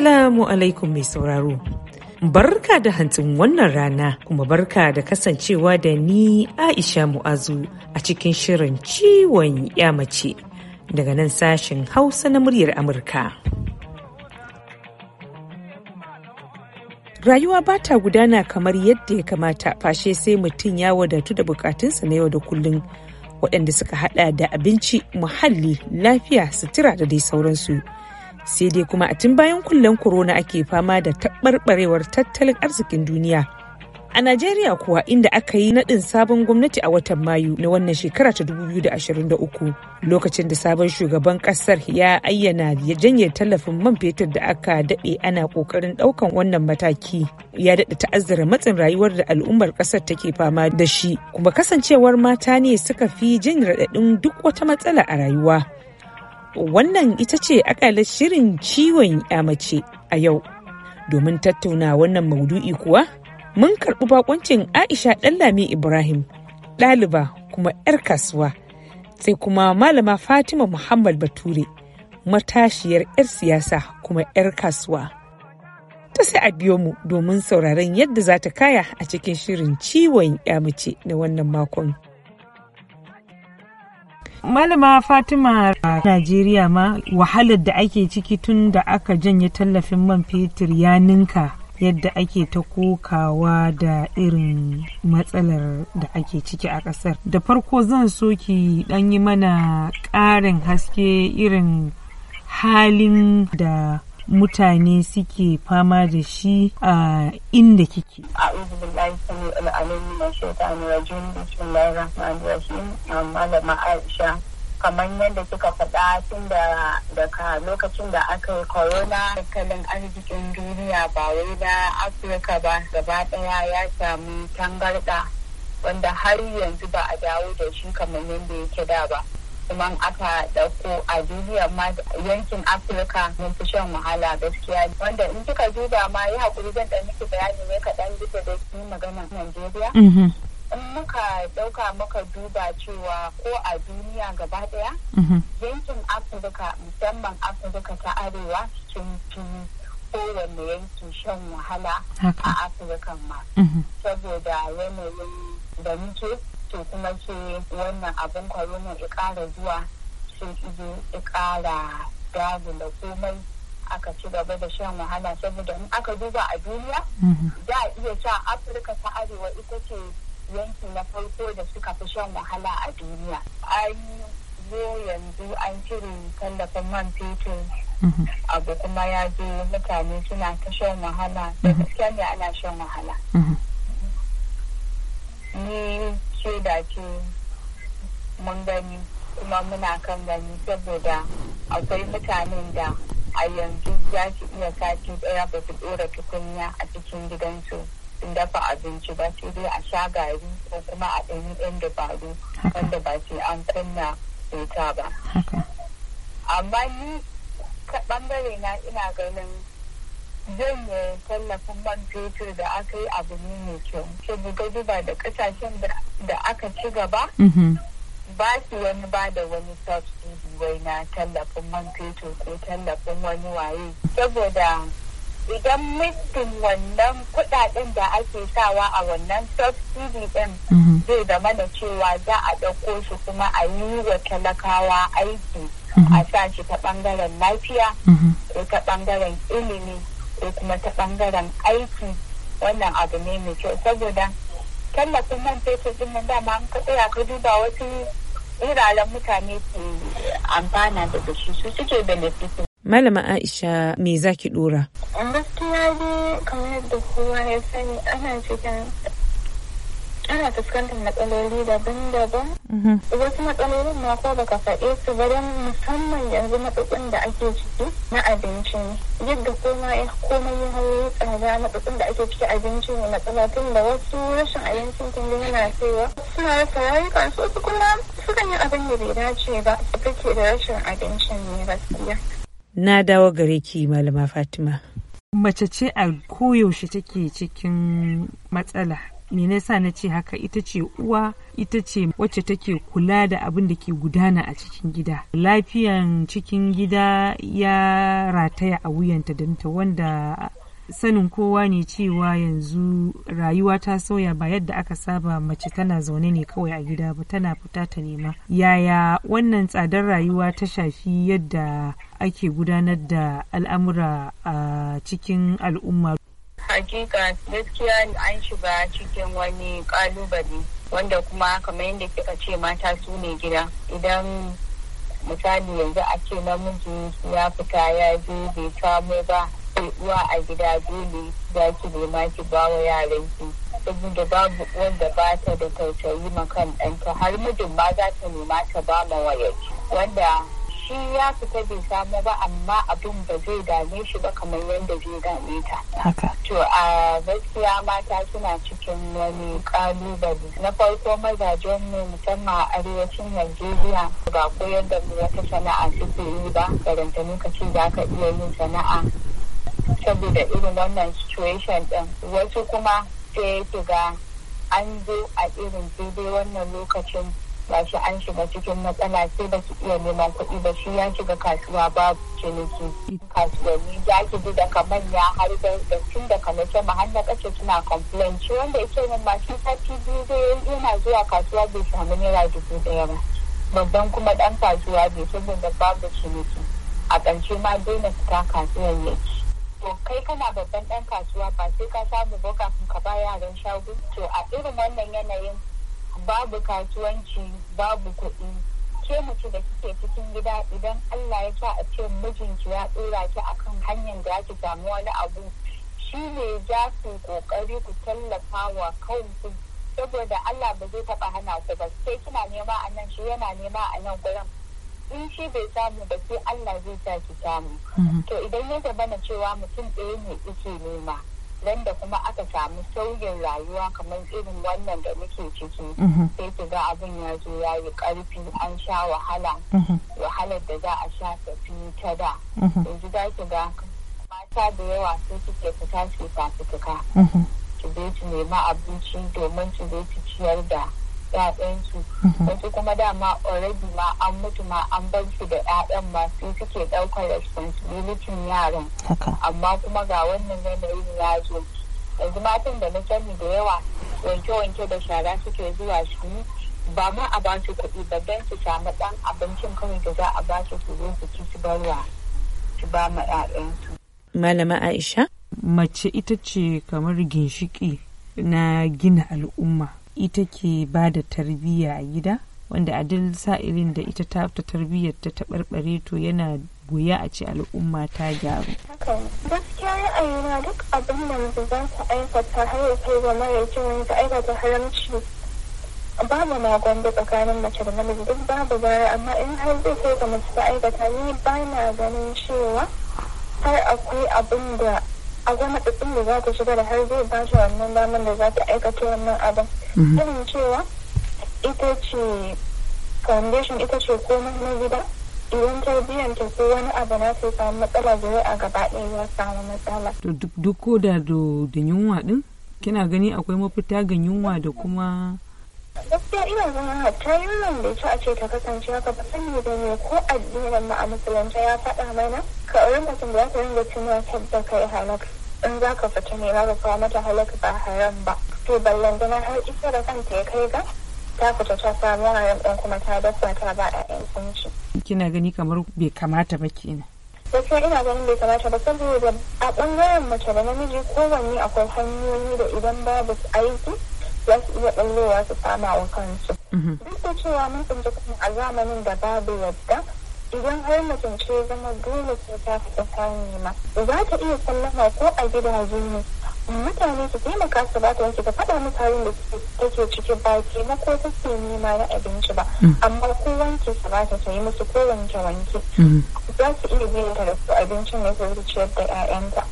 Assalamu alaikum mai sauraro. Barka da hantsin wannan rana kuma barka da kasancewa da ni Aisha Mu'azu a cikin shirin ciwon mace daga nan sashen Hausa na muryar Amurka. Rayuwa ba ta gudana kamar yadda ya kamata fashe sai mutum ya wadatu da bukatunsa na yau da kullum waɗanda suka hada da abinci, muhalli, lafiya, sutura da dai sauransu. sai dai kuma a tun bayan kullen korona ake fama da tabarbarewar tattalin arzikin duniya a najeriya kuwa inda aka yi naɗin sabon gwamnati a watan mayu na wannan shekara ta 2023 lokacin da sabon shugaban kasar ya ayyana ya janye tallafin man fetur da aka daɗe ana ƙoƙarin ɗaukan wannan mataki ya daɗa ta'azzara matsin rayuwar da al'ummar ƙasar take fama da shi kuma kasancewar mata ne suka fi jin raɗaɗin duk wata matsala a rayuwa Wannan ita ce akalar shirin ciwon mace a yau. Domin tattauna wannan maudu'i kuwa, mun karɓi bakoncin Aisha Ɗanlami Ibrahim, ɗaliba kuma 'yar kasuwa, sai kuma Malama Fatima Muhammad Bature, matashiyar 'yar siyasa kuma 'yar kasuwa. ta sai a biyo mu domin sauraron yadda za ta kaya a cikin shirin ciwon mace na wannan makon. Malama Fatima a Najeriya ma wahalar da ake ciki tun da aka janye tallafin man fetur ya ninka yadda ake ta kokawa da irin matsalar da ake ciki a ƙasar. Da farko zan so ki ɗan yi mana ƙarin haske irin halin da mutane suke fama da shi a inda kike. Malama Aisha kamar yadda kika faɗa tun da daga lokacin da aka yi corona tattalin arzikin duniya ba wai na afirka ba gaba ɗaya ya samu tangarɗa wanda har yanzu ba a dawo da shi kamar yadda yake da ba kuma aka dauko a duniya ma yankin afirka mun fi shan wahala gaskiya wanda in kika duba ma yi hakuri zan dan miki bayani ne kaɗan bisa da su magana najeriya mm-hmm. in muka dauka muka duba cewa ko a duniya gaba daya mm-hmm. yankin afirka musamman afirka ta arewa cikin tuni kowanne yanki shan wahala a afirka ma mm-hmm. saboda yanayin da muke to kuma ce wannan abin corona ya ƙara zuwa sun ido ya ƙara da komai aka ci gaba da shan wahala saboda in aka duba a duniya mhm. za iya cewa afirka ta arewa ita ce yanki na farko da suka fi shan wahala a duniya an zo yanzu an cire tallafin man fetur mhm. abu kuma ya zo mutane suna ta shan wahala da mhm. gaskiya ne ana shan wahala ni shaida ce mun gani kuma muna kan gani saboda akwai mutanen da a yanzu za su iya sati ɗaya ba su ɗora tukunya a cikin gidansu sun dafa abinci ba sai dai a sha gari ko kuma a ɗanyi ɗan dabaru wanda ba sai an kunna wuta ba. Amma ni ɓangare na ina ganin yi tallafin man fetur da aka yi abu ne mai kyau saboda duba da kasashen da aka ci gaba mm-hmm. ba su wani ba da wani subsidy wai na tallafin man fetur ko tallafin wani waye saboda idan muddin wannan kudaden da ake sawa a wannan subsidy din mm-hmm. zai da mana cewa za a ɗauko su kuma a yi wa talakawa aiki a mm-hmm. sa shi ta ɓangaren lafiya ko ta ɓangaren ilimi ko kuma ta bangaren aiki wannan abu ne mai kyau saboda tallafin man fetur din nan dama an ka tsaya ka duba wasu wuraren mutane ke amfana da su su suke benefitin Malama Aisha me za ki dora? Gaskiya ne kamar yadda kowa ya sani ana cikin ana fuskantar matsaloli daban-daban mhm. wasu matsalolin ma ko baka faɗe su ba don musamman yanzu matsatsin da ake ciki na abinci ne yadda koma ya komai ya hau tsada matsatsin da ake ciki abinci ne matsala tun da wasu rashin abincin tun da yana cewa suna rasa rayukan su su kuma sukan yi abin da bai dace ba su kake da rashin abincin ne gaskiya. Na dawo gare ki malama Fatima. Mace ce a koyaushe take cikin matsala me nasa na ce haka ita ce uwa ita ce wacce take kula da abin da ke gudana a cikin gida lafiyan cikin gida ya rataya a wuyanta danta wanda sanin kowa ne cewa yanzu rayuwa ta sauya ba yadda aka saba mace tana zaune ne kawai a gida ba tana fita ta nema yaya wannan tsadar rayuwa ta shafi yadda ake gudanar da al'amura a cikin al'umma Hakika gaskiya an shiga cikin wani kalubale wanda kuma kamar yadda kika ce mata su ne gida idan misali yanzu a ce namiji ya fita ya je bai samu ba uwa a gida dole za ki nema ki ba wa yaran ki saboda babu wanda ba ta da tausayi ma kan ɗanta har mijin ma za ta nema ta ba ma wayar wanda shi ya fita bai samu ba amma abin ba zai dame shi ba kamar yadda zai dame ta. To a gaskiya mata suna cikin wani kalubale. Na farko mazajen mu musamman a arewacin Najeriya ba ko yadda mu wata sana'a suke yi ba karanta lokaci za ka iya yin sana'a saboda irin wannan situation ɗin. wasu kuma sai ki ga an zo a irin daidai wannan lokacin ba shi an shiga cikin matsala sai ba su iya neman kuɗi ba shi ya shiga kasuwa babu ciniki kasuwanni za ki ji daga manya har da tun daga na ce ma har na ƙasa suna complain shi wanda yake min ma shi sati biyu zai yana zuwa kasuwa bai samu naira dubu ɗaya ba babban kuma ɗan kasuwa bai saboda babu ciniki a ƙarshe ma na fita kasuwar yake to kai kana babban ɗan kasuwa ba sai ka samu ba kafin ka ba yaran shago to a irin wannan yanayin babu kasuwanci babu kuɗi ke mace da kike cikin gida idan Allah ya sa a ce mijinki ya tsora ki akan hanyar da ake samu wani abu shi ne za su kokari ku tallafa wa kanku saboda Allah ba zai taba hana ku ba sai kina nema a nan shi yana nema a nan gurin in shi bai samu ba sai Allah zai sa ki samu mm-hmm. to idan ya zama na cewa mutum ɗaya ne yake nema da kuma aka samu sauyin rayuwa kamar irin wannan da muke ciki mhm. sai ki ga abin ya zo ya yi karfi an sha wahala mhm. wahalar da za a sha tafi ta da mhm. yanzu za ki ga mata da yawa sai suke fita su fafutuka ki zai ki nema abinci domin ki zai ki ciyar da ƴaƴansu mhm. wasu kuma dama already ma an mutu ma an bar su da ƴaƴan masu suke ɗaukar responsibility yaran amma kuma ga wannan yanayin ya zo yanzu matan da na sani da yawa wanke-wanke da shara suke zuwa su ba ma a ba su kuɗi ba don su samu ɗan abincin kawai da za a ba su su zo su ci su barwa su ba ma ƴaƴansu. Malama Aisha. Mace ita ce kamar ginshiki na gina al'umma ita ke ba da tarbiyya a gida wanda a duk sa'irin da ita ta ta tarbiyyar ta taɓarɓare to yana guya a ce al'umma ta gyaru. gaskiya ra'ayina duk abin da mace za ta aikata har ya ga wani ta aikata haramci babu magon da tsakanin mace da namiji duk babu baya amma in har zai kai ga mace ta aikata ni ba na ganin cewa har akwai abin da a zama ɗin da za ta shiga da har zai ba shi wannan damar da za ta aikata wannan abin irin mhm. cewa ita ce foundation ita ce komai na gida idan ta ta ko wani abu na ta samu matsala zai a gaba ɗaya ya samu matsala. to duk ko da da yunwa ɗin kina gani akwai mafita ga yunwa da kuma gaskiya ina zama hatta yunwan bai ci a ce ta kasance haka ba sani da ne ko addinin ma a musulunta ya faɗa mana ka rinka tun da za ka rinka cin wata da kai halaka in za ka fita ne za ka kawo mata halaka ba haram ba to ballan gina har isa da kanta ya kai ga ta fita ta samu haram ɗan kuma ta dafa ta ba a yan kina gani kamar bai kamata ba kenan. gaskiya ina ganin bai kamata ba saboda a ɓangaren mace da namiji kowanne akwai hanyoyi da idan babu aiki za su iya ɓallowa su sama wa kansu. Mhm. Duk da cewa mun tsinci kuma a zamanin da babu yadda idan har mutum ce zama dole ko ta fi ta nema za ta iya sallama ko a gidaje jini mutane su taimaka su ba ta wanke ta faɗa mu tarin da take ciki ba taimako take nema na abinci ba mm. amma ko wanke su ba ta ta yi musu ko wanke wanke mm. za su iya biyan ta da su abincin ne su wuce da 'ya'yanta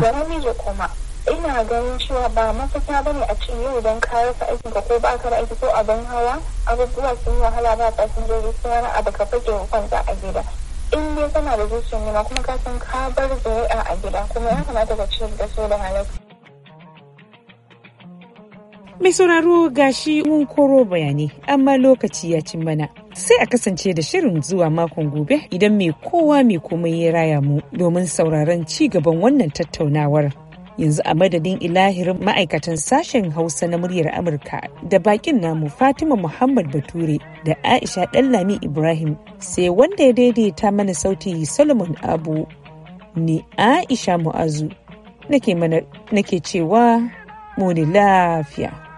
da namiji kuma ina ganin cewa ba mafita ba ne a ce yau don ka rasa ka ko baka ka da aiki ko abin hawa abubuwa sun wahala ba fasinjoji sun yana abu ka fage kwanta a gida in dai kana da zuciyar nema kuma ka san ka bar zuri'a a gida kuma ya kamata ka ciyar da su da halaka. Mai sauraro gashi mun koro bayanai amma lokaci ya cin mana. sai a kasance da shirin zuwa makon gobe idan mai kowa mai komai ya raya mu domin sauraron ci gaban wannan tattaunawar. yanzu a madadin ilahirin ma'aikatan sashen hausa na muryar amurka da bakin namu fatima muhammad bature da aisha ɗanlami ibrahim sai wanda ya daidaita mana sauti solomon abu ni aisha mu'azu nake cewa mu muni lafiya